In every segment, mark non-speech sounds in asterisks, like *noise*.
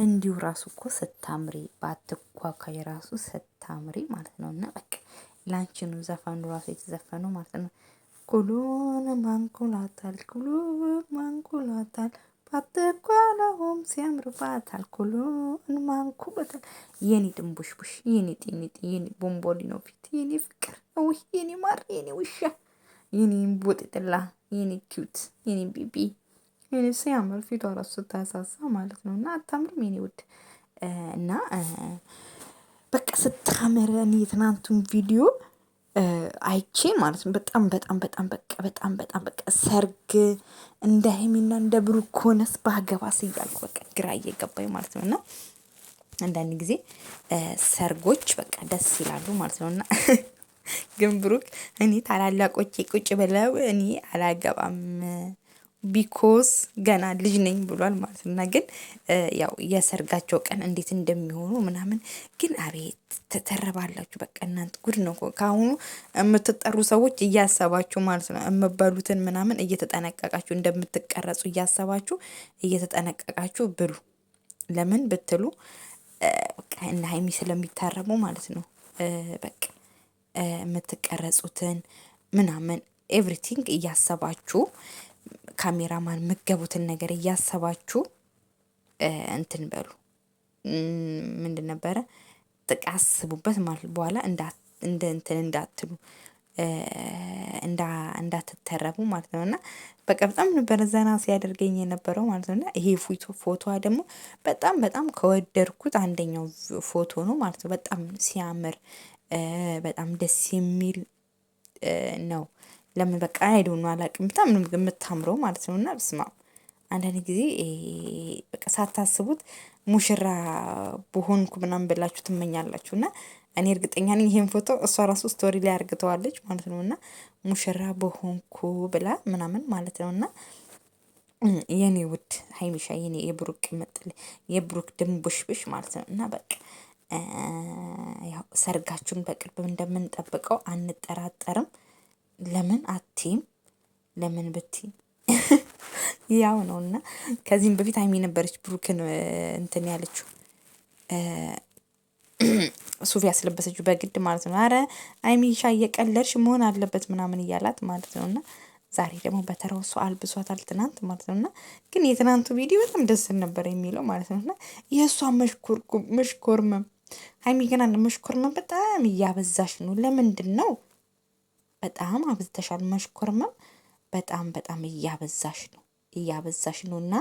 እንዲሁ ራሱ እኮ ስታምሪ በአትኳኳይ ራሱ ስታምሪ ማለት ነው። እና በቃ ላንቺኑ ዘፈኑ ራሱ የተዘፈነው ማለት ነው። ኩሉን ማንኩላታል ኩሉን ማንኩላታል ባትኳለሁም ሲያምርባታል ኩሉን ማንኩላታል የኔ ድንቡሽቡሽ የኔ ጤኒጥ የኔ ቦምቦሊኖ ፊት የኔ ፍቅር ውይ የኔ ማር የኔ ውሻ የኔ ቦጥጥላ የኔ ኪዩት የኔ ቢቢ የኔ ያምር ፊቷ ራሱ ስታሳሳ ማለት ነው። እና አታምርም የኔ ውድ እና በቃ ስታምር እኔ የትናንቱን ቪዲዮ አይቼ ማለት ነው በጣም በጣም በጣም በቃ በጣም በጣም በቃ ሰርግ እንደ ሀይሚና እንደ ብሩክ ሆነስ በአገባስ እያልኩ በቃ ግራ እየገባኝ ማለት ነው እና አንዳንድ ጊዜ ሰርጎች በቃ ደስ ይላሉ ማለት ነው እና ግን ብሩክ እኔ ታላላቆቼ ቁጭ ብለው እኔ አላገባም ቢኮዝ ገና ልጅ ነኝ ብሏል ማለት ነው። ግን ያው የሰርጋቸው ቀን እንዴት እንደሚሆኑ ምናምን ግን አቤት ተተረባላችሁ። በቃ እናንተ ጉድ ነው። ከአሁኑ የምትጠሩ ሰዎች እያሰባችሁ ማለት ነው የምበሉትን ምናምን እየተጠነቀቃችሁ እንደምትቀረጹ እያሰባችሁ እየተጠነቀቃችሁ ብሉ። ለምን ብትሉ በቃ እነ ሀይሚ ስለሚታረሙ ማለት ነው። በቃ የምትቀረጹትን ምናምን ኤቭሪቲንግ እያሰባችሁ ካሜራማን መገቡትን ነገር እያሰባችሁ እንትን በሉ ምንድን ነበረ ጥቃ አስቡበት ማለት በኋላ እንደ እንትን እንዳትሉ እንዳትተረቡ ማለት ነው። እና በቃ በጣም ነበረ ዘና ሲያደርገኝ የነበረው ማለት ነው። እና ይሄ ፎቶዋ ደግሞ በጣም በጣም ከወደድኩት አንደኛው ፎቶ ነው ማለት ነው። በጣም ሲያምር በጣም ደስ የሚል ነው። ለምን በቃ አይዶ ነው አላውቅም። በጣም የምታምረው ማለት ነው። እና ብስማ አንዳንድ ጊዜ በቃ ሳታስቡት ሙሽራ በሆንኩ ምናምን ብላችሁ ትመኛላችሁ። እና እኔ እርግጠኛ ነኝ ይሄን ፎቶ እሷ ራሱ ስቶሪ ላይ አርግተዋለች ማለት ነው። እና ሙሽራ በሆንኩ ብላ ምናምን ማለት ነው። እና የኔ ውድ ሀይሚሻ የኔ የብሩክ መጥል የብሩክ ድንቡሽብሽ ማለት ነው። እና በቃ ያው ሰርጋችሁን በቅርብ እንደምንጠብቀው አንጠራጠርም። ለምን አቴም ለምን ብትይ *laughs* ያው ነው። እና ከዚህም በፊት ሀይሚ ነበረች ብሩክን እንትን ያለችው *clears throat* ሱፍ ያስለበሰችው በግድ ማለት ነው። አረ ሀይሚሻ እየቀለድሽ መሆን አለበት ምናምን እያላት ማለት ነው። እና ዛሬ ደግሞ በተራው ሰው አልብሷታል ትናንት ማለት ነው። እና ግን የትናንቱ ቪዲዮ በጣም ደስ ነበር የሚለው ማለት ነው። እና የእሷ መሽኮርመም ሀይሚ ገና መሽኮርመም በጣም እያበዛሽ ነው። ለምንድን ነው በጣም አብዝተሻል። መሽኮርመም በጣም በጣም እያበዛሽ ነው እያበዛሽ ነው እና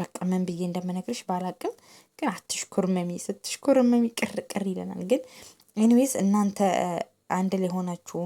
በቃ ምን ብዬ እንደምነግርሽ ባላቅም፣ ግን አትሽኮርመሚ። ስትሽኮርመሚ ቅርቅር ይለናል። ግን ኤኒዌይስ እናንተ አንድ ላይ ሆናችሁ